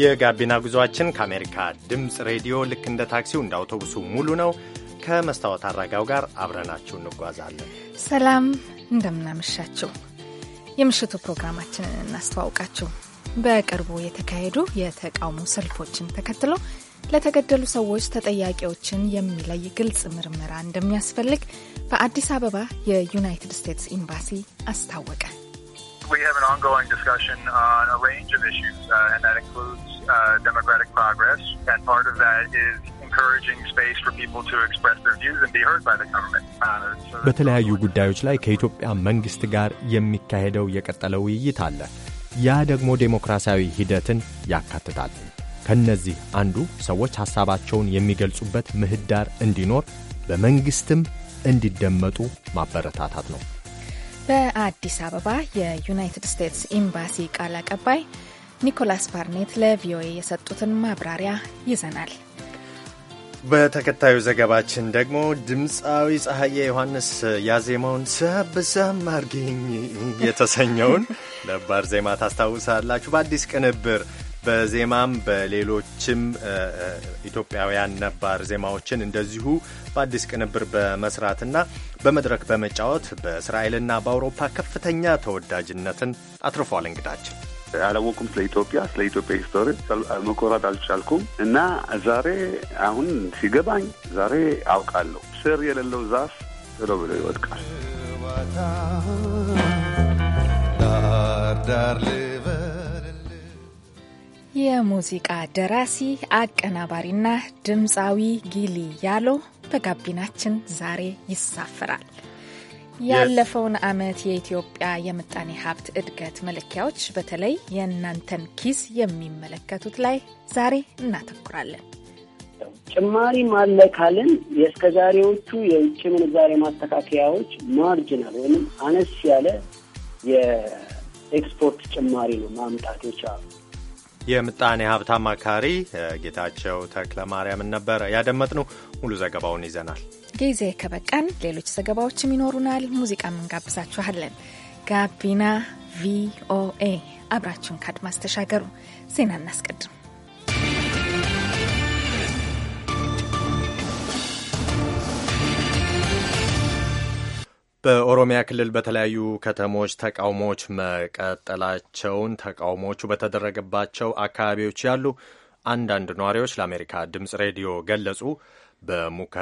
የጋቢና ጉዞአችን ከአሜሪካ ድምፅ ሬዲዮ ልክ እንደ ታክሲው እንደ አውቶቡሱ ሙሉ ነው። ከመስታወት አድራጋው ጋር አብረናችሁ እንጓዛለን። ሰላም እንደምናመሻችሁ። የምሽቱ ፕሮግራማችንን እናስተዋውቃችሁ። በቅርቡ የተካሄዱ የተቃውሞ ሰልፎችን ተከትሎ ለተገደሉ ሰዎች ተጠያቂዎችን የሚለይ ግልጽ ምርመራ እንደሚያስፈልግ በአዲስ አበባ የዩናይትድ ስቴትስ ኤምባሲ አስታወቀ። we have an ongoing discussion on a range of issues, uh, and that includes uh, democratic progress. And part of that is በተለያዩ ጉዳዮች ላይ ከኢትዮጵያ መንግሥት ጋር የሚካሄደው የቀጠለ ውይይት አለ። ያ ደግሞ ዴሞክራሲያዊ ሂደትን ያካትታል። ከነዚህ አንዱ ሰዎች ሐሳባቸውን የሚገልጹበት ምህዳር እንዲኖር በመንግሥትም እንዲደመጡ ማበረታታት ነው። በአዲስ አበባ የዩናይትድ ስቴትስ ኤምባሲ ቃል አቀባይ ኒኮላስ ፓርኔት ለቪኦኤ የሰጡትን ማብራሪያ ይዘናል። በተከታዩ ዘገባችን ደግሞ ድምፃዊ ፀሐዬ ዮሐንስ ያዜመውን ሰብሰም አርጊኝ የተሰኘውን ነባር ዜማ ታስታውሳላችሁ። በአዲስ ቅንብር በዜማም በሌሎችም ኢትዮጵያውያን ነባር ዜማዎችን እንደዚሁ በአዲስ ቅንብር በመስራትና በመድረክ በመጫወት በእስራኤልና በአውሮፓ ከፍተኛ ተወዳጅነትን አትርፏል። እንግዳችን አላወቁም ስለ ኢትዮጵያ ስለ ኢትዮጵያ ሂስቶሪ መኮራት አልቻልኩም እና ዛሬ አሁን ሲገባኝ ዛሬ አውቃለሁ። ስር የሌለው ዛፍ ብሎ ብሎ ይወድቃል። የሙዚቃ ደራሲ አቀናባሪና ድምፃዊ ጊሊ ያሎ በጋቢናችን ዛሬ ይሳፈራል። ያለፈውን ዓመት የኢትዮጵያ የምጣኔ ሀብት እድገት መለኪያዎች በተለይ የእናንተን ኪስ የሚመለከቱት ላይ ዛሬ እናተኩራለን። ጭማሪ ማለ ካልን የእስከ ዛሬዎቹ የውጭ ምንዛሬ ማስተካከያዎች ማርጅናል ወይም አነስ ያለ የኤክስፖርት ጭማሪ ነው ማምጣት የቻሉ የምጣኔ ሀብት አማካሪ ጌታቸው ተክለ ማርያምን ነበረ ያደመጥነው። ሙሉ ዘገባውን ይዘናል። ጊዜ ከበቃን ሌሎች ዘገባዎችም ይኖሩናል። ሙዚቃም እንጋብዛችኋለን። ጋቢና ቪኦኤ አብራችሁን ከአድማስ ተሻገሩ። ዜና እናስቀድም። በኦሮሚያ ክልል በተለያዩ ከተሞች ተቃውሞዎች መቀጠላቸውን ተቃውሞዎቹ በተደረገባቸው አካባቢዎች ያሉ አንዳንድ ነዋሪዎች ለአሜሪካ ድምፅ ሬዲዮ ገለጹ። በሙከ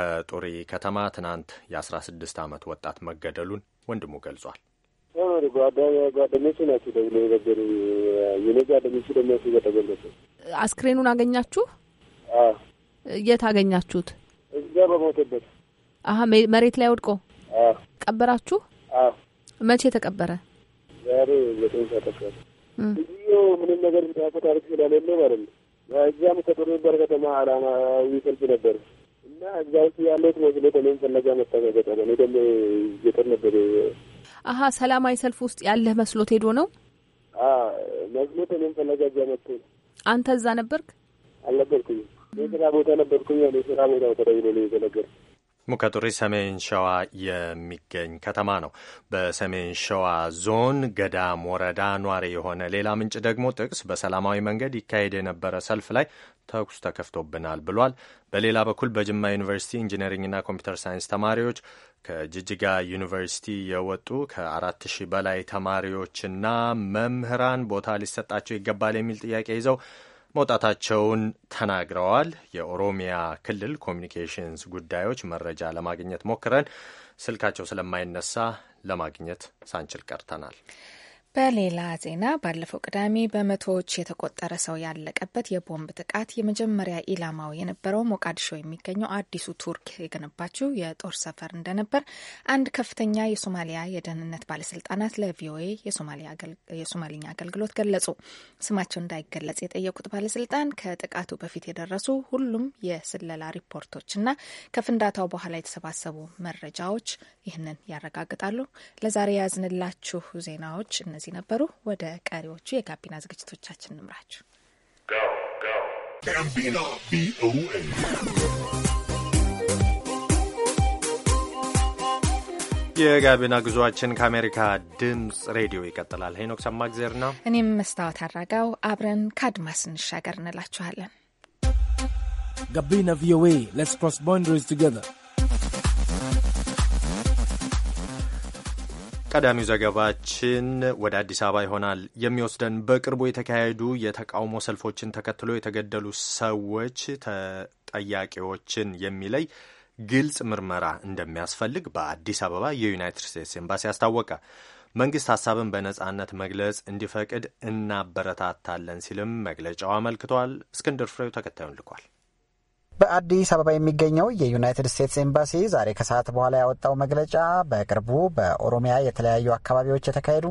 ከተማ ትናንት የ16 ዓመት ወጣት መገደሉን ወንድሙ ገልጿል። ናቸው ደግሞ የነገሩ የኔ ደግሞ አስክሬኑን አገኛችሁ? የት አገኛችሁት? እዛ በሞተበት መሬት ላይ ወድቆ ተቀበራችሁ? መቼ ተቀበረ? ዛሬ ዘጠኝ ሰዓት አካባቢ እዚሁ ምንም ነገር እንዳያውቁት አድርግ ስለሌለ ማለት ነው። እዚያም ከጥሩ ነበር ከተማ አላማዊ ሰልፍ ነበር እና እዛ ውስጥ ያለት መስሎ ተለም ፈለጋ መታገጠ ነው። ደግሞ ገጠር ነበር። አሀ ሰላማዊ ሰልፍ ውስጥ ያለህ መስሎት ሄዶ ነው መስሎ ተለም ፈለጋ እዚያ መጥቶ አንተ እዛ ነበርክ? አልነበርኩኝ። የስራ ቦታ ነበርኩኝ። ስራ ቦታ ተደውሎ ነው የተነገርኩት ሙከቱሪ ሰሜን ሸዋ የሚገኝ ከተማ ነው። በሰሜን ሸዋ ዞን ገዳም ወረዳ ኗሪ የሆነ ሌላ ምንጭ ደግሞ ጥቅስ በሰላማዊ መንገድ ይካሄድ የነበረ ሰልፍ ላይ ተኩስ ተከፍቶብናል ብሏል። በሌላ በኩል በጅማ ዩኒቨርሲቲ ኢንጂነሪንግና ኮምፒውተር ሳይንስ ተማሪዎች ከጅጅጋ ዩኒቨርሲቲ የወጡ ከአራት ሺህ በላይ ተማሪዎችና መምህራን ቦታ ሊሰጣቸው ይገባል የሚል ጥያቄ ይዘው መውጣታቸውን ተናግረዋል። የኦሮሚያ ክልል ኮሚኒኬሽንስ ጉዳዮች መረጃ ለማግኘት ሞክረን ስልካቸው ስለማይነሳ ለማግኘት ሳንችል ቀርተናል። በሌላ ዜና ባለፈው ቅዳሜ በመቶዎች የተቆጠረ ሰው ያለቀበት የቦምብ ጥቃት የመጀመሪያ ኢላማው የነበረው ሞቃዲሾ የሚገኘው አዲሱ ቱርክ የገነባችው የጦር ሰፈር እንደነበር አንድ ከፍተኛ የሶማሊያ የደህንነት ባለስልጣናት ለቪኦኤ የሶማሊኛ አገልግሎት ገለጹ። ስማቸው እንዳይገለጽ የጠየቁት ባለስልጣን ከጥቃቱ በፊት የደረሱ ሁሉም የስለላ ሪፖርቶችና ከፍንዳታው በኋላ የተሰባሰቡ መረጃዎች ይህንን ያረጋግጣሉ። ለዛሬ ያዝንላችሁ ዜናዎች እነዚህ እነዚህ ነበሩ። ወደ ቀሪዎቹ የጋቢና ዝግጅቶቻችን እንምራችሁ። የጋቢና ጉዞአችን ከአሜሪካ ድምፅ ሬዲዮ ይቀጥላል። ሄኖክ ነው። እኔም መስታወት አራጋው አብረን ከአድማስ እንሻገር እንላችኋለን። ጋቢና ቪኦኤ ስ ክሮስ ባውንደሪስ ቱገር ቀዳሚው ዘገባችን ወደ አዲስ አበባ ይሆናል የሚወስደን። በቅርቡ የተካሄዱ የተቃውሞ ሰልፎችን ተከትሎ የተገደሉ ሰዎች ተጠያቂዎችን የሚለይ ግልጽ ምርመራ እንደሚያስፈልግ በአዲስ አበባ የዩናይትድ ስቴትስ ኤምባሲ አስታወቀ። መንግስት ሀሳብን በነጻነት መግለጽ እንዲፈቅድ እናበረታታለን ሲልም መግለጫው አመልክቷል። እስክንድር ፍሬው ተከታዩን ልኳል። በአዲስ አበባ የሚገኘው የዩናይትድ ስቴትስ ኤምባሲ ዛሬ ከሰዓት በኋላ ያወጣው መግለጫ በቅርቡ በኦሮሚያ የተለያዩ አካባቢዎች የተካሄዱ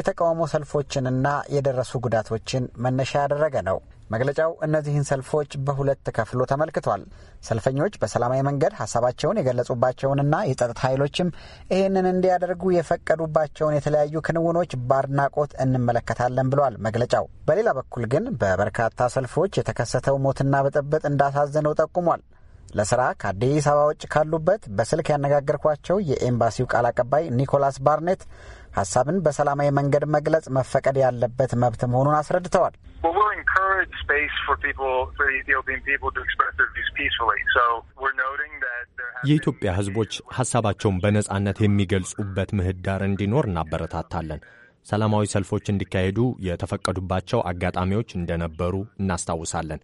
የተቃውሞ ሰልፎችንና የደረሱ ጉዳቶችን መነሻ ያደረገ ነው። መግለጫው እነዚህን ሰልፎች በሁለት ከፍሎ ተመልክቷል። ሰልፈኞች በሰላማዊ መንገድ ሀሳባቸውን የገለጹባቸውንና የጸጥታ ኃይሎችም ይህንን እንዲያደርጉ የፈቀዱባቸውን የተለያዩ ክንውኖች በአድናቆት እንመለከታለን ብሏል መግለጫው። በሌላ በኩል ግን በበርካታ ሰልፎች የተከሰተው ሞትና ብጥብጥ እንዳሳዘነው ጠቁሟል። ለስራ ከአዲስ አበባ ውጭ ካሉበት በስልክ ያነጋገርኳቸው የኤምባሲው ቃል አቀባይ ኒኮላስ ባርኔት ሀሳብን በሰላማዊ መንገድ መግለጽ መፈቀድ ያለበት መብት መሆኑን አስረድተዋል። wanted space for people, for the Ethiopian people to express their views peacefully. So we're noting that የኢትዮጵያ ሕዝቦች ሀሳባቸውን በነጻነት የሚገልጹበት ምህዳር እንዲኖር እናበረታታለን። ሰላማዊ ሰልፎች እንዲካሄዱ የተፈቀዱባቸው አጋጣሚዎች እንደነበሩ እናስታውሳለን።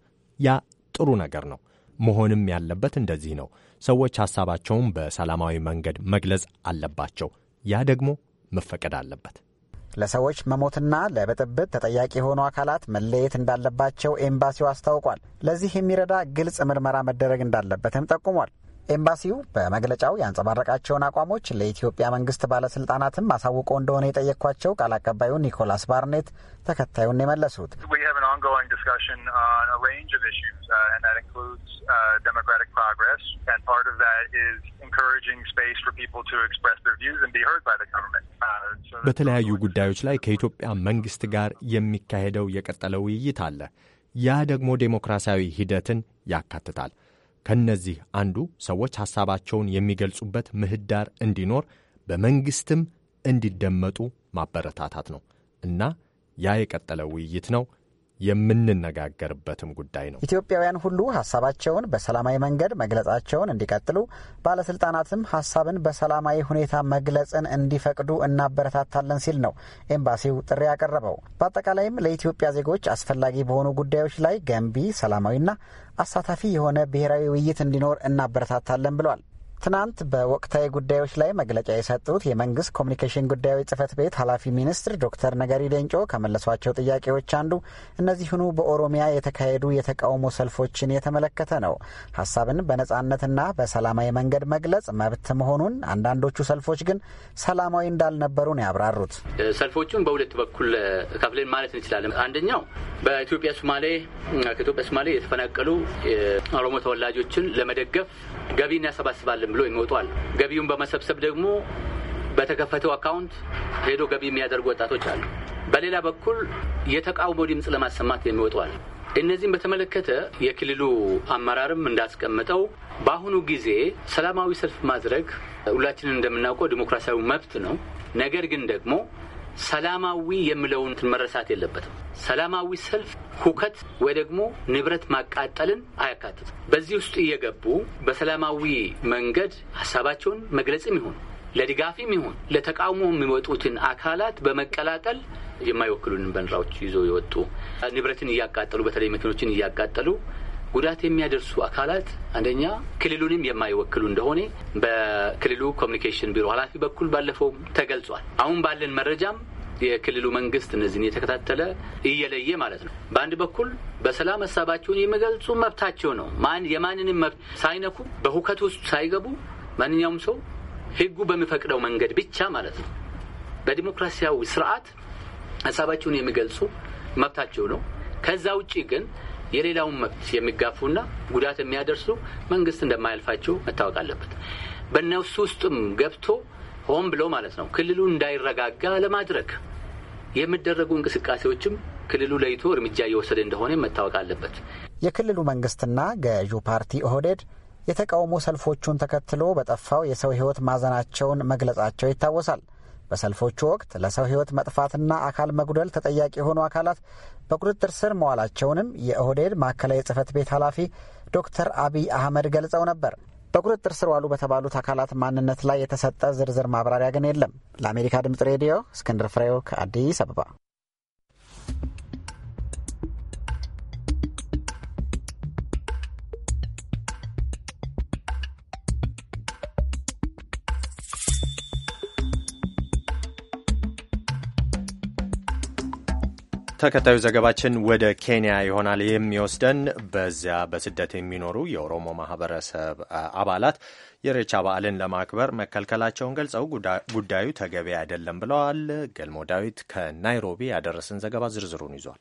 ያ ጥሩ ነገር ነው። መሆንም ያለበት እንደዚህ ነው። ሰዎች ሀሳባቸውን በሰላማዊ መንገድ መግለጽ አለባቸው። ያ ደግሞ መፈቀድ አለበት። ለሰዎች መሞትና ለብጥብጥ ተጠያቂ የሆኑ አካላት መለየት እንዳለባቸው ኤምባሲው አስታውቋል። ለዚህ የሚረዳ ግልጽ ምርመራ መደረግ እንዳለበትም ጠቁሟል። ኤምባሲው በመግለጫው ያንጸባረቃቸውን አቋሞች ለኢትዮጵያ መንግስት ባለስልጣናትም አሳውቆ እንደሆነ የጠየኳቸው ቃል አቀባዩ ኒኮላስ ባርኔት ተከታዩን የመለሱት ስ በተለያዩ ጉዳዮች ላይ ከኢትዮጵያ መንግሥት ጋር የሚካሄደው የቀጠለ ውይይት አለ። ያ ደግሞ ዴሞክራሲያዊ ሂደትን ያካትታል። ከነዚህ አንዱ ሰዎች ሐሳባቸውን የሚገልጹበት ምህዳር እንዲኖር በመንግሥትም እንዲደመጡ ማበረታታት ነው እና ያ የቀጠለ ውይይት ነው። የምንነጋገርበትም ጉዳይ ነው። ኢትዮጵያውያን ሁሉ ሀሳባቸውን በሰላማዊ መንገድ መግለጻቸውን እንዲቀጥሉ፣ ባለስልጣናትም ሀሳብን በሰላማዊ ሁኔታ መግለጽን እንዲፈቅዱ እናበረታታለን ሲል ነው ኤምባሲው ጥሪ ያቀረበው። በአጠቃላይም ለኢትዮጵያ ዜጎች አስፈላጊ በሆኑ ጉዳዮች ላይ ገንቢ ሰላማዊና አሳታፊ የሆነ ብሔራዊ ውይይት እንዲኖር እናበረታታለን ብሏል። ትናንት በወቅታዊ ጉዳዮች ላይ መግለጫ የሰጡት የመንግስት ኮሚኒኬሽን ጉዳዮች ጽህፈት ቤት ኃላፊ ሚኒስትር ዶክተር ነገሪ ሌንጮ ከመለሷቸው ጥያቄዎች አንዱ እነዚህኑ በኦሮሚያ የተካሄዱ የተቃውሞ ሰልፎችን የተመለከተ ነው። ሀሳብን በነጻነትና በሰላማዊ መንገድ መግለጽ መብት መሆኑን፣ አንዳንዶቹ ሰልፎች ግን ሰላማዊ እንዳልነበሩ ነው ያብራሩት። ሰልፎቹን በሁለት በኩል ከፍለን ማለት እንችላለን። አንደኛው በኢትዮጵያ ሶማሌ ከኢትዮጵያ ሶማሌ የተፈናቀሉ ኦሮሞ ተወላጆችን ለመደገፍ ገቢ እናሰባስባለን ዝም ብሎ የሚወጡ ገቢውን በመሰብሰብ ደግሞ በተከፈተው አካውንት ሄዶ ገቢ የሚያደርጉ ወጣቶች አሉ። በሌላ በኩል የተቃውሞ ድምፅ ለማሰማት የሚወጡ እነዚህም በተመለከተ የክልሉ አመራርም እንዳስቀመጠው በአሁኑ ጊዜ ሰላማዊ ሰልፍ ማድረግ ሁላችንን እንደምናውቀው ዲሞክራሲያዊ መብት ነው። ነገር ግን ደግሞ ሰላማዊ የምለውን መረሳት የለበትም። ሰላማዊ ሰልፍ ሁከት ወይ ደግሞ ንብረት ማቃጠልን አያካትትም። በዚህ ውስጥ እየገቡ በሰላማዊ መንገድ ሀሳባቸውን መግለጽም ይሁን ለድጋፊም ይሁን ለተቃውሞ የሚወጡትን አካላት በመቀላቀል የማይወክሉን ባንዲራዎች ይዞ የወጡ ንብረትን እያቃጠሉ በተለይ መኪኖችን እያቃጠሉ ጉዳት የሚያደርሱ አካላት አንደኛ ክልሉንም የማይወክሉ እንደሆነ በክልሉ ኮሚኒኬሽን ቢሮ ኃላፊ በኩል ባለፈው ተገልጿል። አሁን ባለን መረጃም የክልሉ መንግስት እነዚህን የተከታተለ እየለየ ማለት ነው። በአንድ በኩል በሰላም ሀሳባቸውን የሚገልጹ መብታቸው ነው። ማን የማንንም መብት ሳይነኩ በሁከት ውስጥ ሳይገቡ ማንኛውም ሰው ህጉ በሚፈቅደው መንገድ ብቻ ማለት ነው በዲሞክራሲያዊ ስርዓት ሀሳባቸውን የሚገልጹ መብታቸው ነው። ከዛ ውጪ ግን የሌላውን መብት የሚጋፉና ጉዳት የሚያደርሱ መንግስት እንደማያልፋቸው መታወቅ አለበት። በእነሱ ውስጥም ገብቶ ሆን ብሎ ማለት ነው ክልሉ እንዳይረጋጋ ለማድረግ የሚደረጉ እንቅስቃሴዎችም ክልሉ ለይቶ እርምጃ እየወሰደ እንደሆነ መታወቅ አለበት። የክልሉ መንግስትና ገዢው ፓርቲ ኦህዴድ የተቃውሞ ሰልፎቹን ተከትሎ በጠፋው የሰው ህይወት ማዘናቸውን መግለጻቸው ይታወሳል። በሰልፎቹ ወቅት ለሰው ሕይወት መጥፋትና አካል መጉደል ተጠያቂ የሆኑ አካላት በቁጥጥር ስር መዋላቸውንም የኦህዴድ ማዕከላዊ ጽህፈት ቤት ኃላፊ ዶክተር አብይ አህመድ ገልጸው ነበር። በቁጥጥር ስር ዋሉ በተባሉት አካላት ማንነት ላይ የተሰጠ ዝርዝር ማብራሪያ ግን የለም። ለአሜሪካ ድምጽ ሬዲዮ እስክንድር ፍሬው ከአዲስ አበባ ተከታዩ ዘገባችን ወደ ኬንያ ይሆናል የሚወስደን። በዚያ በስደት የሚኖሩ የኦሮሞ ማህበረሰብ አባላት የሬቻ በዓልን ለማክበር መከልከላቸውን ገልጸው ጉዳዩ ተገቢ አይደለም ብለዋል። ገልሞ ዳዊት ከናይሮቢ ያደረሰን ዘገባ ዝርዝሩን ይዟል።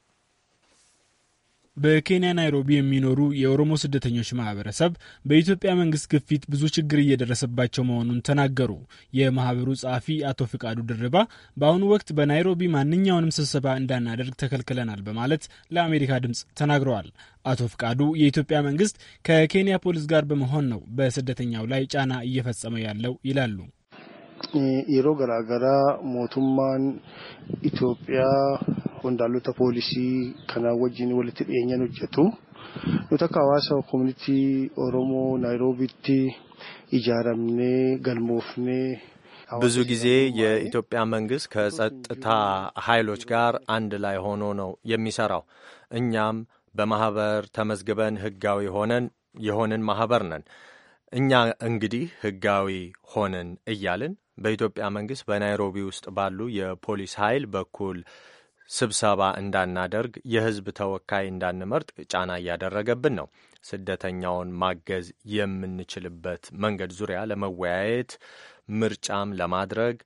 በኬንያ ናይሮቢ የሚኖሩ የኦሮሞ ስደተኞች ማህበረሰብ በኢትዮጵያ መንግስት ግፊት ብዙ ችግር እየደረሰባቸው መሆኑን ተናገሩ። የማህበሩ ጸሐፊ አቶ ፍቃዱ ድርባ በአሁኑ ወቅት በናይሮቢ ማንኛውንም ስብሰባ እንዳናደርግ ተከልክለናል በማለት ለአሜሪካ ድምፅ ተናግረዋል። አቶ ፍቃዱ የኢትዮጵያ መንግስት ከኬንያ ፖሊስ ጋር በመሆን ነው በስደተኛው ላይ ጫና እየፈጸመ ያለው ይላሉ። የሮ ገራገራ ሞቱማን ኢትዮጵያ qondaaltota poolisii kanaa wajjin walitti dhiyeenyaan hojjetu. Nuti akka hawaasa koominitii Oromoo naayiroobiitti ijaaramnee galmoofnee ብዙ ጊዜ የኢትዮጵያ መንግስት ከጸጥታ ኃይሎች ጋር አንድ ላይ ሆኖ ነው የሚሠራው። እኛም በማኅበር ተመዝግበን ሕጋዊ ሆነን የሆንን ማኅበር ነን። እኛ እንግዲህ ሕጋዊ ሆንን እያልን በኢትዮጵያ መንግስት በናይሮቢ ውስጥ ባሉ የፖሊስ ኃይል በኩል ስብሰባ እንዳናደርግ የህዝብ ተወካይ እንዳንመርጥ ጫና እያደረገብን ነው። ስደተኛውን ማገዝ የምንችልበት መንገድ ዙሪያ ለመወያየት ምርጫም ለማድረግ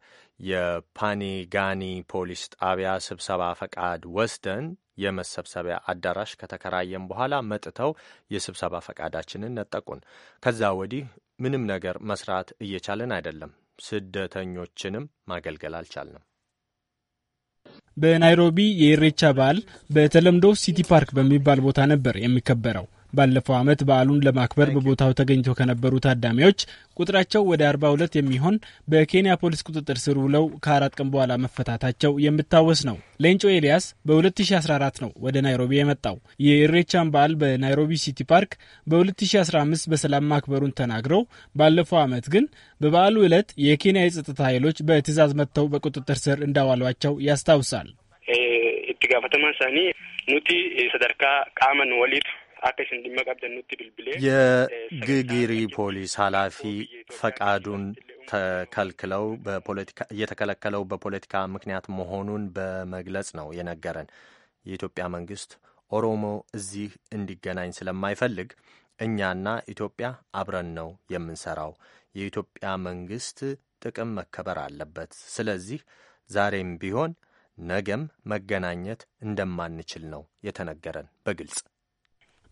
የፓኒጋኒ ፖሊስ ጣቢያ ስብሰባ ፈቃድ ወስደን የመሰብሰቢያ አዳራሽ ከተከራየም በኋላ መጥተው የስብሰባ ፈቃዳችንን ነጠቁን። ከዛ ወዲህ ምንም ነገር መስራት እየቻለን አይደለም። ስደተኞችንም ማገልገል አልቻልንም። በናይሮቢ የኢሬቻ በዓል በተለምዶ ሲቲ ፓርክ በሚባል ቦታ ነበር የሚከበረው። ባለፈው ዓመት በዓሉን ለማክበር በቦታው ተገኝቶ ከነበሩ ታዳሚዎች ቁጥራቸው ወደ 42 የሚሆን በኬንያ ፖሊስ ቁጥጥር ስር ውለው ከአራት ቀን በኋላ መፈታታቸው የምታወስ ነው። ሌንጮ ኤልያስ በ2014 ነው ወደ ናይሮቢ የመጣው። የኢሬቻን በዓል በናይሮቢ ሲቲ ፓርክ በ2015 በሰላም ማክበሩን ተናግረው ባለፈው ዓመት ግን በበዓሉ ዕለት የኬንያ የጸጥታ ኃይሎች በትዕዛዝ መጥተው በቁጥጥር ስር እንዳዋሏቸው ያስታውሳል። ኢትጋፈተማ ሳኒ ኑቲ ሰደርካ ቃመን ወሊድ የግግሪ ፖሊስ ኃላፊ ፈቃዱን ተከልክለው በፖለቲካ እየተከለከለው በፖለቲካ ምክንያት መሆኑን በመግለጽ ነው የነገረን። የኢትዮጵያ መንግስት ኦሮሞ እዚህ እንዲገናኝ ስለማይፈልግ እኛና ኢትዮጵያ አብረን ነው የምንሰራው። የኢትዮጵያ መንግስት ጥቅም መከበር አለበት። ስለዚህ ዛሬም ቢሆን ነገም መገናኘት እንደማንችል ነው የተነገረን በግልጽ።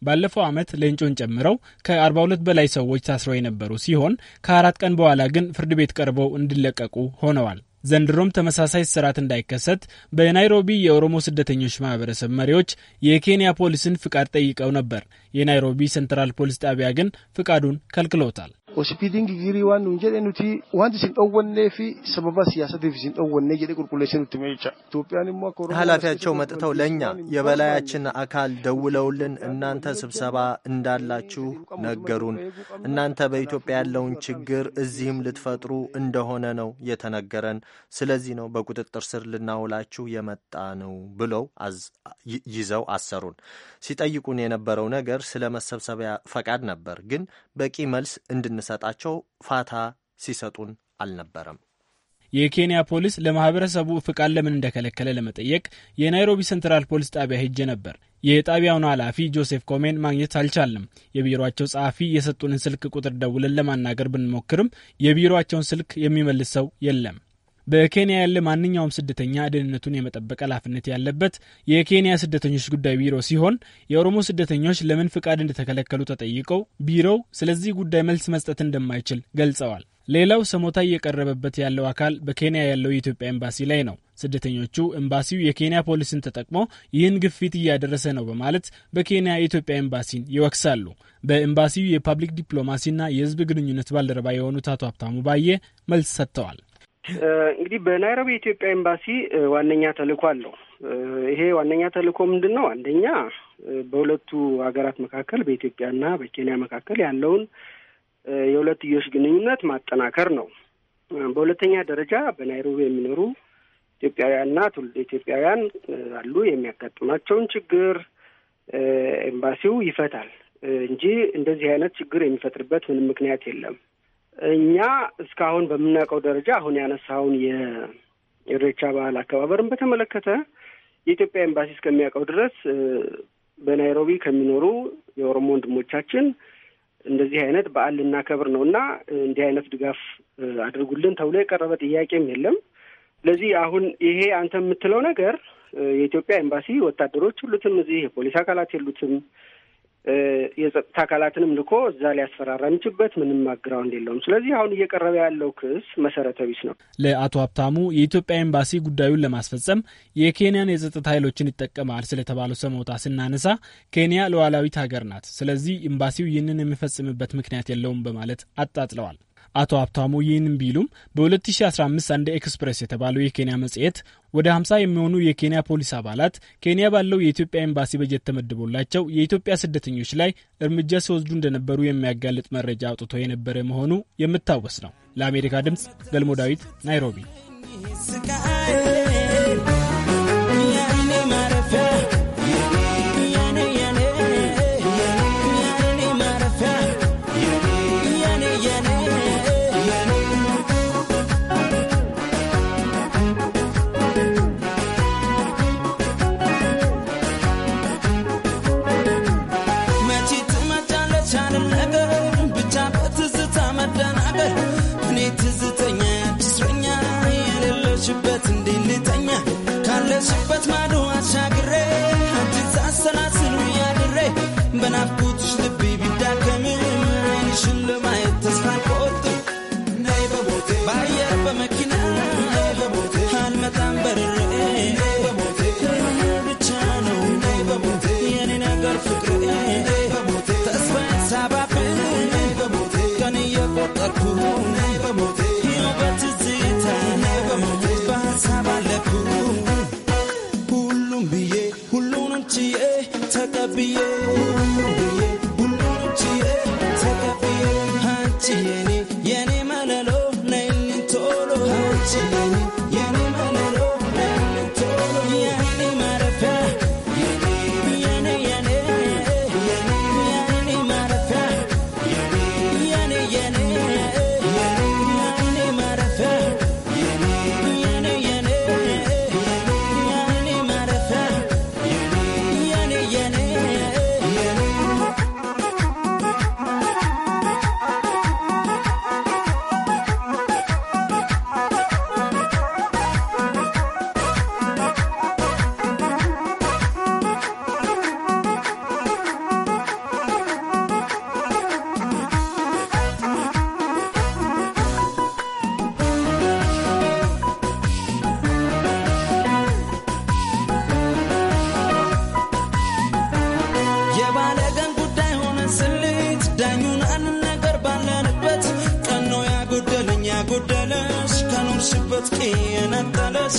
ባለፈው ዓመት ሌንጮን ጨምረው ከ42 በላይ ሰዎች ታስረው የነበሩ ሲሆን ከአራት ቀን በኋላ ግን ፍርድ ቤት ቀርበው እንዲለቀቁ ሆነዋል። ዘንድሮም ተመሳሳይ ስርዓት እንዳይከሰት በናይሮቢ የኦሮሞ ስደተኞች ማህበረሰብ መሪዎች የኬንያ ፖሊስን ፍቃድ ጠይቀው ነበር። የናይሮቢ ሴንትራል ፖሊስ ጣቢያ ግን ፍቃዱን ከልክሎታል። OCPD'n gigirii waan nuun jedhe nuti wanti isin dhoowwannee fi sababa siyaasatiif isin dhoowwannee jedhe qulqulleessin nutti meecha ኢትዮጵያን immoo akka ኃላፊያቸው መጥተው ለእኛ የበላያችን አካል ደውለውልን እናንተ ስብሰባ እንዳላችሁ ነገሩን። እናንተ በኢትዮጵያ ያለውን ችግር እዚህም ልትፈጥሩ እንደሆነ ነው የተነገረን። ስለዚህ ነው በቁጥጥር ስር ልናውላችሁ የመጣ ነው ብለው ይዘው አሰሩን። ሲጠይቁን የነበረው ነገር ስለ መሰብሰቢያ ፈቃድ ነበር፣ ግን በቂ መልስ እንድንሰ ስንሰጣቸው ፋታ ሲሰጡን አልነበረም። የኬንያ ፖሊስ ለማህበረሰቡ ፍቃድ ለምን እንደከለከለ ለመጠየቅ የናይሮቢ ሴንትራል ፖሊስ ጣቢያ ሄጄ ነበር። የጣቢያውን ኃላፊ ጆሴፍ ኮሜን ማግኘት አልቻለም። የቢሮቸው ጸሐፊ የሰጡንን ስልክ ቁጥር ደውለን ለማናገር ብንሞክርም የቢሮቸውን ስልክ የሚመልስ ሰው የለም። በኬንያ ያለ ማንኛውም ስደተኛ ደህንነቱን የመጠበቅ ኃላፊነት ያለበት የኬንያ ስደተኞች ጉዳይ ቢሮ ሲሆን የኦሮሞ ስደተኞች ለምን ፍቃድ እንደተከለከሉ ተጠይቀው ቢሮው ስለዚህ ጉዳይ መልስ መስጠት እንደማይችል ገልጸዋል። ሌላው ሰሞታ እየቀረበበት ያለው አካል በኬንያ ያለው የኢትዮጵያ ኤምባሲ ላይ ነው። ስደተኞቹ ኤምባሲው የኬንያ ፖሊስን ተጠቅሞ ይህን ግፊት እያደረሰ ነው በማለት በኬንያ የኢትዮጵያ ኤምባሲን ይወክሳሉ። በኤምባሲው የፓብሊክ ዲፕሎማሲና የሕዝብ ግንኙነት ባልደረባ የሆኑት አቶ ሀብታሙ ባዬ መልስ ሰጥተዋል። እንግዲህ በናይሮቢ የኢትዮጵያ ኤምባሲ ዋነኛ ተልእኮ አለው። ይሄ ዋነኛ ተልእኮ ምንድን ነው? አንደኛ በሁለቱ ሀገራት መካከል በኢትዮጵያና በኬንያ መካከል ያለውን የሁለትዮሽ ግንኙነት ማጠናከር ነው። በሁለተኛ ደረጃ በናይሮቢ የሚኖሩ ኢትዮጵያውያንና ትውልደ ኢትዮጵያውያን አሉ። የሚያጋጥማቸውን ችግር ኤምባሲው ይፈታል እንጂ እንደዚህ አይነት ችግር የሚፈጥርበት ምንም ምክንያት የለም። እኛ እስካሁን በምናውቀው ደረጃ አሁን ያነሳውን የኢሬቻ በዓል አከባበርን በተመለከተ የኢትዮጵያ ኤምባሲ እስከሚያውቀው ድረስ በናይሮቢ ከሚኖሩ የኦሮሞ ወንድሞቻችን እንደዚህ አይነት በዓል ልናከብር ነው እና እንዲህ አይነት ድጋፍ አድርጉልን ተብሎ የቀረበ ጥያቄም የለም። ስለዚህ አሁን ይሄ አንተ የምትለው ነገር የኢትዮጵያ ኤምባሲ ወታደሮች የሉትም፣ እዚህ የፖሊስ አካላት የሉትም፣ የጸጥታ አካላትንም ልኮ እዛ ሊያስፈራራ የሚችበት ምንም ባክግራውንድ የለውም። ስለዚህ አሁን እየቀረበ ያለው ክስ መሰረተ ቢስ ነው። ለአቶ ሀብታሙ የኢትዮጵያ ኤምባሲ ጉዳዩን ለማስፈጸም የኬንያን የጸጥታ ኃይሎችን ይጠቀማል ስለተባለው ሰሞታ ስናነሳ ኬንያ ሉዓላዊት ሀገር ናት። ስለዚህ ኤምባሲው ይህንን የሚፈጽምበት ምክንያት የለውም በማለት አጣጥለዋል። አቶ ሀብታሙ ይህንን ቢሉም በ2015 አንድ ኤክስፕሬስ የተባለው የኬንያ መጽሔት ወደ 50 የሚሆኑ የኬንያ ፖሊስ አባላት ኬንያ ባለው የኢትዮጵያ ኤምባሲ በጀት ተመድቦላቸው የኢትዮጵያ ስደተኞች ላይ እርምጃ ሲወስዱ እንደነበሩ የሚያጋልጥ መረጃ አውጥቶ የነበረ መሆኑ የምታወስ ነው። ለአሜሪካ ድምፅ ገልሞ ዳዊት ናይሮቢ como ሕይወት ኪነጠለስ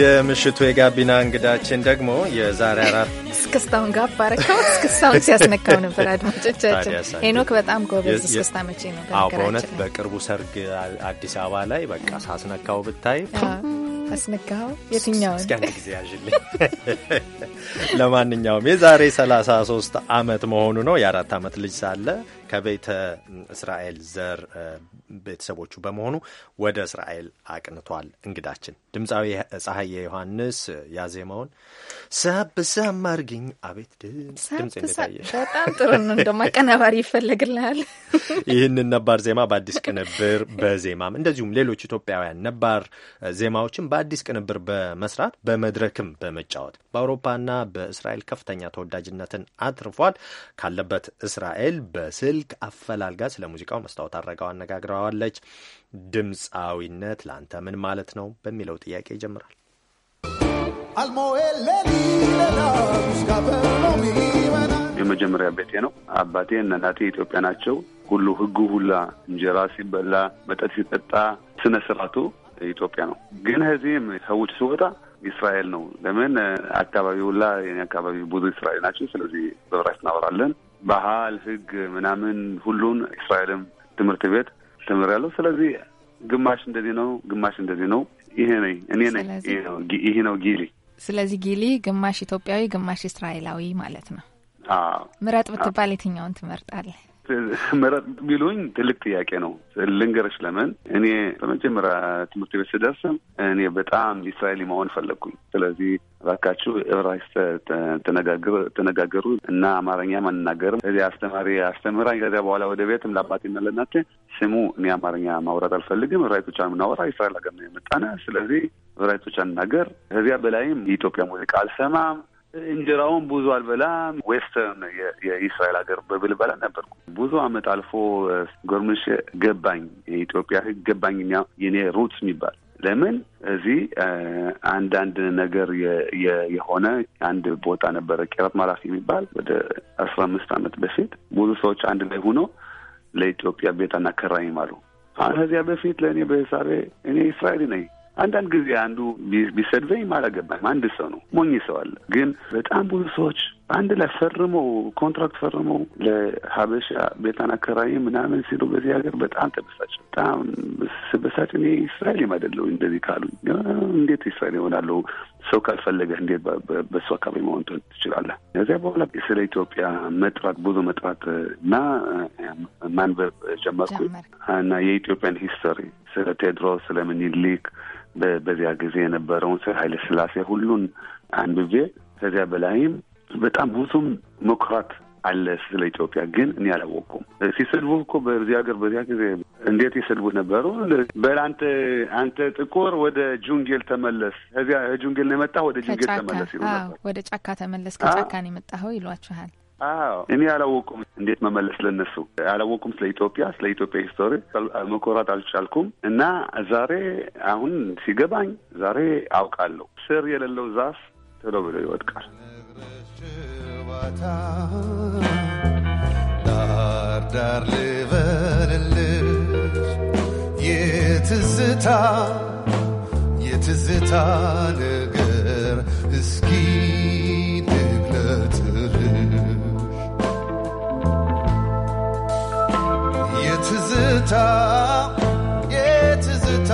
የምሽቱ የጋቢና እንግዳችን ደግሞ የዛሬ አራት እስክስታውን ጋር ባረከው እስክስታውን ሲያስነካው ነበር። አድማጮቻችን ሄኖክ በጣም ጎበዝ እስክስታ መቼ ነው? በእውነት በቅርቡ ሰርግ አዲስ አበባ ላይ በቃ ሳስነካው ብታይ አስነካው የትኛውን እስኪ አንድ ጊዜ ያዥልኝ። ለማንኛውም የዛሬ 33 ዓመት መሆኑ ነው። የአራት ዓመት ልጅ ሳለ ከቤተ እስራኤል ዘር ቤተሰቦቹ በመሆኑ ወደ እስራኤል አቅንቷል። እንግዳችን ድምፃዊ ፀሐየ ዮሐንስ ያዜመውን ሰብሰብ አድርጊኝ አቤት ድምፅ በጣም ጥሩ ነው። እንደውም አቀናባሪ ይፈለግልሃል። ይህንን ነባር ዜማ በአዲስ ቅንብር በዜማም እንደዚሁም ሌሎች ኢትዮጵያውያን ነባር ዜማዎችን በአዲስ ቅንብር በመስራት በመድረክም በመጫወት በአውሮፓና በእስራኤል ከፍተኛ ተወዳጅነትን አትርፏል። ካለበት እስራኤል በስል በስልክ አፈላልጋ ስለ ሙዚቃው መስታወት አድረጋው አነጋግረዋለች። ድምፃዊነት ለአንተ ምን ማለት ነው በሚለው ጥያቄ ይጀምራል። የመጀመሪያ ቤቴ ነው። አባቴ እና እናቴ ኢትዮጵያ ናቸው። ሁሉ ህጉ ሁላ እንጀራ ሲበላ፣ መጠጥ ሲጠጣ፣ ስነ ስርዓቱ ኢትዮጵያ ነው። ግን ከዚህም ሰዎች ሲወጣ እስራኤል ነው። ለምን አካባቢ ሁላ የኔ አካባቢ ብዙ እስራኤል ናቸው። ስለዚህ በብራች እናወራለን። ባህል፣ ህግ ምናምን ሁሉን እስራኤልም ትምህርት ቤት ተምሬያለሁ። ስለዚህ ግማሽ እንደዚህ ነው፣ ግማሽ እንደዚህ ነው። ይሄ ነኝ እኔ ነኝ። ይሄ ነው ጊሊ። ስለዚህ ጊሊ ግማሽ ኢትዮጵያዊ፣ ግማሽ እስራኤላዊ ማለት ነው። ምረጥ ብትባል የትኛውን ትመርጣለህ? ምረጥ ቢሉኝ ትልቅ ጥያቄ ነው። ልንገርሽ ለምን እኔ በመጀመሪያ ትምህርት ቤት ስደርስም እኔ በጣም እስራኤሊ መሆን ፈለግኩኝ። ስለዚህ እባካችሁ ዕብራይስጥ ተነጋገሩ እና አማርኛ አንናገርም። ከዚያ አስተማሪ አስተምራኝ። ከዚያ በኋላ ወደ ቤትም ለአባቴና ለእናቴ ስሙ እኔ አማርኛ ማውራት አልፈልግም፣ ዕብራይስጥ ብቻ እስራኤል ሀገር ነው የመጣነ። ስለዚህ ዕብራይስጥ ብቻ ከዚያ በላይም የኢትዮጵያ ሙዚቃ አልሰማም እንጀራውን ብዙ አልበላም። ዌስተርን የእስራኤል ሀገር በብል በላ ነበርኩ። ብዙ አመት አልፎ ጎርምሽ ገባኝ። የኢትዮጵያ ህግ ገባኝ። የኔ ሩት የሚባል ለምን እዚህ አንዳንድ ነገር የሆነ አንድ ቦታ ነበረ ቄረት ማራፊ የሚባል ወደ አስራ አምስት አመት በፊት ብዙ ሰዎች አንድ ላይ ሆኖ ለኢትዮጵያ ቤት አናከራይም አሉ። ከዚያ በፊት ለእኔ በሂሳቤ እኔ እስራኤል ነኝ አንዳንድ ጊዜ አንዱ ቢሰድበኝ አላገባኝም። አንድ ሰው ነው ሞኝ ሰው አለ። ግን በጣም ብዙ ሰዎች አንድ ላይ ፈርመው ኮንትራክት ፈርመው ለሀበሻ ቤታን አከራይ ምናምን ሲሉ በዚህ ሀገር በጣም ተበሳጭ በጣም ስበሳጭ። እኔ እስራኤል አይደለሁ እንደዚህ ካሉ እንዴት እስራኤል ይሆናለሁ? ሰው ካልፈለገ እንዴት በሱ አካባቢ መሆን ትችላለህ? ከዚያ በኋላ ስለ ኢትዮጵያ መጥራት ብዙ መጥራት እና ማንበብ ጀመርኩ እና የኢትዮጵያን ሂስቶሪ ስለ ቴዎድሮስ፣ ስለ ምኒልክ በዚያ ጊዜ የነበረውን ሰ ኃይለ ሥላሴ ሁሉን አንብቤ ከዚያ በላይም በጣም ብዙም መኩራት አለ ስለ ኢትዮጵያ ግን እኔ አላወቅኩም። ሲሰድቡ እኮ በዚህ ሀገር በዚያ ጊዜ እንዴት ይሰድቡ ነበሩ። በአንተ አንተ ጥቁር ወደ ጁንጌል ተመለስ፣ ከዚያ ጁንጌል ነው የመጣ ወደ ጁንጌል ተመለስ ይሉ ነበር። ወደ ጫካ ተመለስ፣ ከጫካ ነው የመጣኸው ይሏችኋል። እኔ አላወቁም። እንዴት መመለስ ለነሱ አላወቁም። ስለ ኢትዮጵያ ስለ ኢትዮጵያ ሂስቶሪ መኮራት አልቻልኩም እና ዛሬ አሁን ሲገባኝ ዛሬ አውቃለሁ። ስር የሌለው ዛፍ ቶሎ ብሎ ይወድቃል። ዳር ዳር ልበልልሽ የትዝታ የትዝታ ነገር እስኪ የትዝታ የትዝታ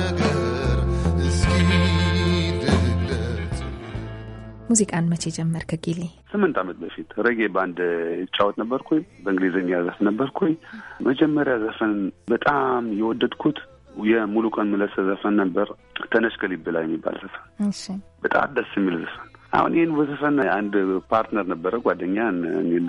ነገር እስኪ ሙዚቃን መቼ ጀመር ጊሊ? ስምንት ዓመት በፊት ረጌ ባንድ እጫወት ነበርኩኝ። በእንግሊዝኛ ዘፍን ነበርኩኝ። መጀመሪያ ዘፈን በጣም የወደድኩት የሙሉ ቀን መለሰ ዘፈን ነበር። ተነሽ ከልብ የሚባል ዘፈን በጣም ደስ የሚል ዘፈን። አሁን ይህን ዘፈን አንድ ፓርትነር ነበረ ጓደኛ እኔና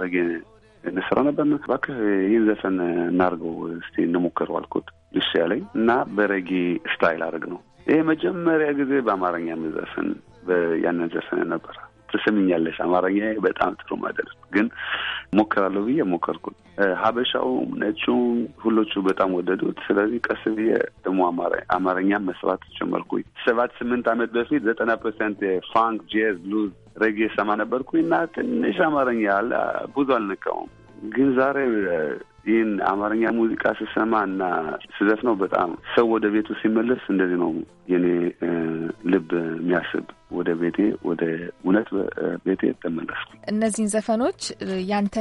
ረጌ እንስራ ነበር። እባክህ ይህን ዘፈን እናርገው እስቲ እንሞክረው አልኩት። እሺ ያለኝ እና በሬጌ ስታይል አድርግ ነው ይሄ መጀመሪያ ጊዜ በአማርኛ ምዘፍን ያንን ዘፈን ነበር ትስምኛለሽ፣ አማርኛ በጣም ጥሩ ማደረስ ግን ሞከራለሁ ብዬ ሞከርኩ። ሀበሻውም ነጩም ሁሎቹ በጣም ወደዱት። ስለዚህ ቀስ ብዬ ደግሞ አማርኛ መስራት ጀመርኩኝ። ሰባት ስምንት ዓመት በፊት ዘጠና ፐርሰንት ፋንክ፣ ጄዝ፣ ብሉዝ፣ ሬጌ ሰማ ነበርኩኝ እና ትንሽ አማርኛ ብዙ አልነካውም። ግን ዛሬ ይህን አማርኛ ሙዚቃ ስሰማ እና ስዘፍ ነው በጣም ሰው ወደ ቤቱ ሲመለስ እንደዚህ ነው የኔ ልብ የሚያስብ ወደ ቤቴ ወደ እውነት ቤቴ ተመለስኩ። እነዚህን ዘፈኖች ያንተ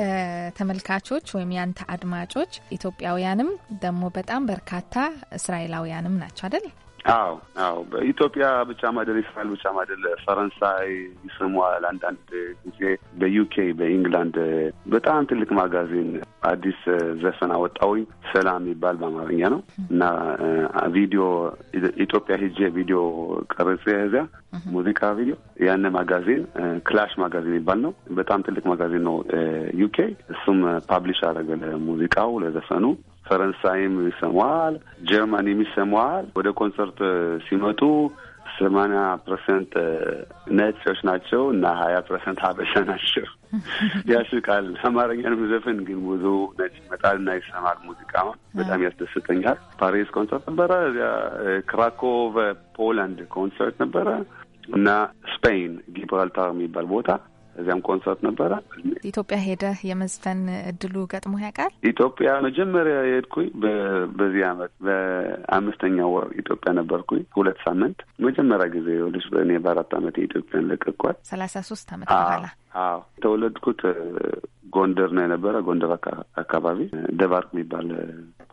ተመልካቾች ወይም ያንተ አድማጮች ኢትዮጵያውያንም ደግሞ በጣም በርካታ እስራኤላውያንም ናቸው አይደል? አዎ አዎ በኢትዮጵያ ብቻ ማደል እስራኤል ብቻ ማደል ፈረንሳይ ይስሟል። አንዳንድ ጊዜ በዩኬ በኢንግላንድ በጣም ትልቅ ማጋዚን አዲስ ዘፈን አወጣውኝ ሰላም ይባል በአማርኛ ነው እና ቪዲዮ ኢትዮጵያ ሂጄ ቪዲዮ ቀርጬ እዚያ ሙዚቃ ቪዲዮ ያን ማጋዚን ክላሽ ማጋዚን ይባል ነው። በጣም ትልቅ ማጋዚን ነው ዩኬ። እሱም ፓብሊሽ አደረገ ለሙዚቃው ለዘፈኑ ፈረንሳይም ይሰማዋል፣ ጀርመኒም ይሰማዋል። ወደ ኮንሰርት ሲመጡ ሰማንያ ፐርሰንት ነጮች ናቸው እና ሀያ ፐርሰንት ሀበሻ ናቸው። ያስቃል። አማርኛን ምዘፍን ግን ብዙ ነጭ ይመጣል እና ይሰማል። ሙዚቃ በጣም ያስደስተኛል። ፓሪስ ኮንሰርት ነበረ፣ ክራኮቭ ፖላንድ ኮንሰርት ነበረ እና ስፔን ጊብራልታር የሚባል ቦታ እዚያም ኮንሰርት ነበረ። ኢትዮጵያ ሄደ የመዝፈን እድሉ ገጥሞ ያውቃል? ኢትዮጵያ መጀመሪያ የሄድኩኝ በዚህ አመት በአምስተኛ ወር ኢትዮጵያ ነበርኩኝ ሁለት ሳምንት መጀመሪያ ጊዜ ወደች በእኔ በአራት አመት የኢትዮጵያን ለቀቋል። ሰላሳ ሶስት አመት በኋላ አዎ ተወለድኩት ጎንደር ነው የነበረ። ጎንደር አካባቢ ደባርቅ የሚባል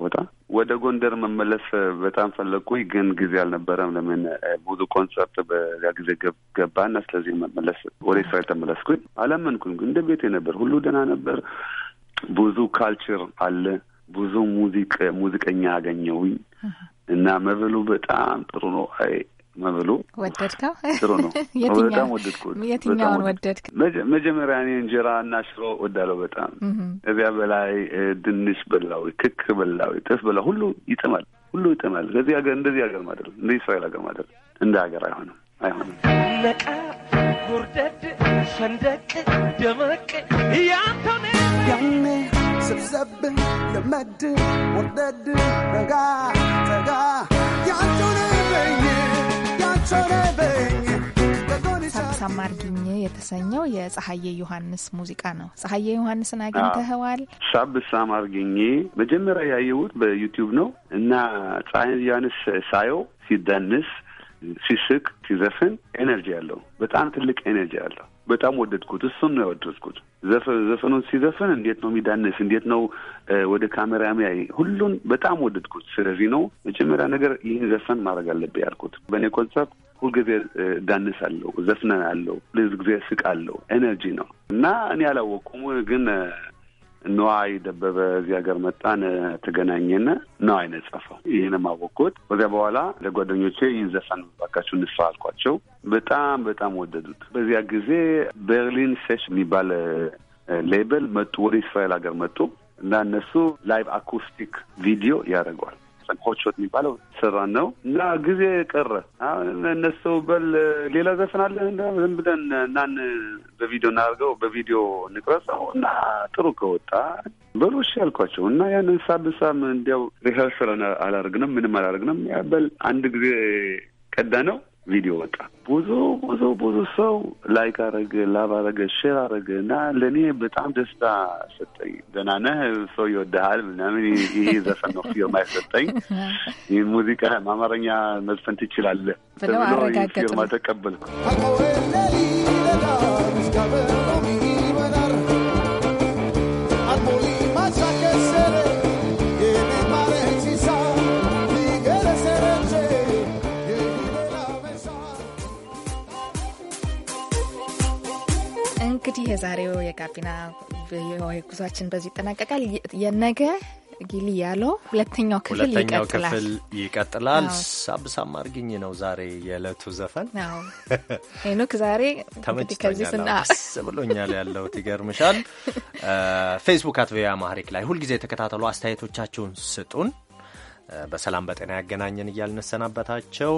ቦታ ወደ ጎንደር መመለስ በጣም ፈለግኩኝ፣ ግን ጊዜ አልነበረም። ለምን ብዙ ኮንሰርት በዚያ ጊዜ ገባና ስለዚህ መመለስ ወደ እስራኤል ተመለስኩኝ። ግን እንደ ቤቴ ነበር። ሁሉ ደህና ነበር። ብዙ ካልቸር አለ። ብዙ ሙዚቀኛ አገኘውኝ እና መብሉ በጣም ጥሩ ነው። መብሉ ወደድከው? ጥሩ ነው። በጣም ወደድኩት። የትኛውን ወደድክ? መጀመሪያ እኔ እንጀራ እና ሽሮ ወዳለው በጣም እዚያ በላይ ድንች በላዊ፣ ክክ በላዊ፣ ጥፍ በላ ሁሉ ይጥማል፣ ሁሉ ይጥማል። ከዚህ ሀገር እንደዚህ ሀገር ማደር እንደ እስራኤል ሀገር ማደር እንደ ሀገር አይሆንም፣ አይሆንም። ነቃ ጎርደድ ሸንደቅ ደመቅ ያንተነ ያነ ስብሰብ ለመድ ወርደድ ነጋ ተጋ ያንተነ በኝ ሳምሳም አርጊኝ የተሰኘው የጸሐዬ ዮሐንስ ሙዚቃ ነው። ጸሐዬ ዮሐንስን አግኝተኸዋል? ሳብሳም አርጊኝ መጀመሪያ ያየሁት በዩቲዩብ ነው እና ጸሐዬ ዮሐንስ ሳየው ሲደንስ፣ ሲስቅ፣ ሲዘፍን ኤነርጂ አለው። በጣም ትልቅ ኤነርጂ አለው። በጣም ወደድኩት። እሱን ነው የወደድኩት። ዘፈኑን ሲዘፍን እንዴት ነው የሚዳንስ፣ እንዴት ነው ወደ ካሜራ ሚያይ፣ ሁሉን በጣም ወደድኩት። ስለዚህ ነው መጀመሪያ ነገር ይህን ዘፈን ማድረግ አለብህ ያልኩት። በእኔ ኮንሰርት ሁልጊዜ ዳንስ አለው፣ ዘፍነን አለው፣ ብዙ ጊዜ ስቅ አለው፣ ኤነርጂ ነው እና እኔ አላወቅኩም ግን ነዋይ ደበበ እዚህ ሀገር መጣን፣ ተገናኘን። ነዋይ ነጸፈው ይህንም አወቅኩት። ከዚያ በኋላ ለጓደኞቼ ይህን ዘፈን ባካችሁ እንስራ አልኳቸው። በጣም በጣም ወደዱት። በዚያ ጊዜ በርሊን ሴሽ የሚባል ሌበል መጡ፣ ወደ እስራኤል ሀገር መጡ እና እነሱ ላይቭ አኩስቲክ ቪዲዮ ያደርገዋል ፈጸም ሆቾት የሚባለው ስራን ነው እና ጊዜ ቀረ። እነሱ በል ሌላ ዘፈን አለ ዝም ብለን እናን በቪዲዮ እናደርገው በቪዲዮ ንቅረጸው እና ጥሩ ከወጣ በሎሽ ያልኳቸው እና ያንን ሳብ ሳም እንዲያው ሪሀርሰል አላደርግንም ምንም አላደርግንም። ያ በል አንድ ጊዜ ቀዳ ነው ቪዲዮ ወጣ። ብዙ ብዙ ብዙ ሰው ላይክ አረገ፣ ላብ አረገ፣ ሼር አረገ እና ለእኔ በጣም ደስታ ሰጠኝ። ደህና ነህ፣ ሰው ይወድሃል ምናምን ይሄ ዘፈን ነው ፊርማ የሰጠኝ። ይህ ሙዚቃ አማርኛ መዝፈን ትችላለህ ተብሎ ፊርማ ተቀበልኩ። እንግዲህ የዛሬው የጋቢና ጉዟችን በዚህ ይጠናቀቃል። የነገ ጊሊ ያለው ሁለተኛው ክፍል ሁለተኛው ክፍል ይቀጥላል። ሳብሳም አርግኝ ነው ዛሬ የዕለቱ ዘፈን ሄኖክ። ዛሬ ተመችቶኛል ብሎኛል ያለው ይገርምሻል። ፌስቡክ አት ቪኦኤ አማሪክ ላይ ሁልጊዜ ተከታተሉ፣ አስተያየቶቻችሁን ስጡን። በሰላም በጤና ያገናኘን እያል እንሰናበታቸው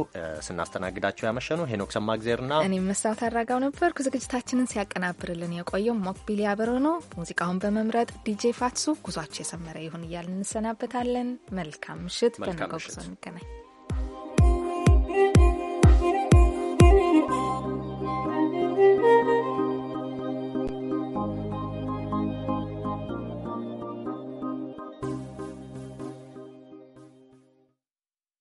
ስናስተናግዳቸው ያመሸኑ ሄኖክ ሰማግዜርና እኔም መስታወት አድራጋው ነበርኩ። ዝግጅታችንን ሲያቀናብርልን የቆየው ሞክቢል ያበረ ነው። ሙዚቃውን በመምረጥ ዲጄ ፋትሱ ጉዟቸው የሰመረ ይሁን እያል እንሰናበታለን። መልካም ምሽት። በነገው ጉዞ እንገናኝ።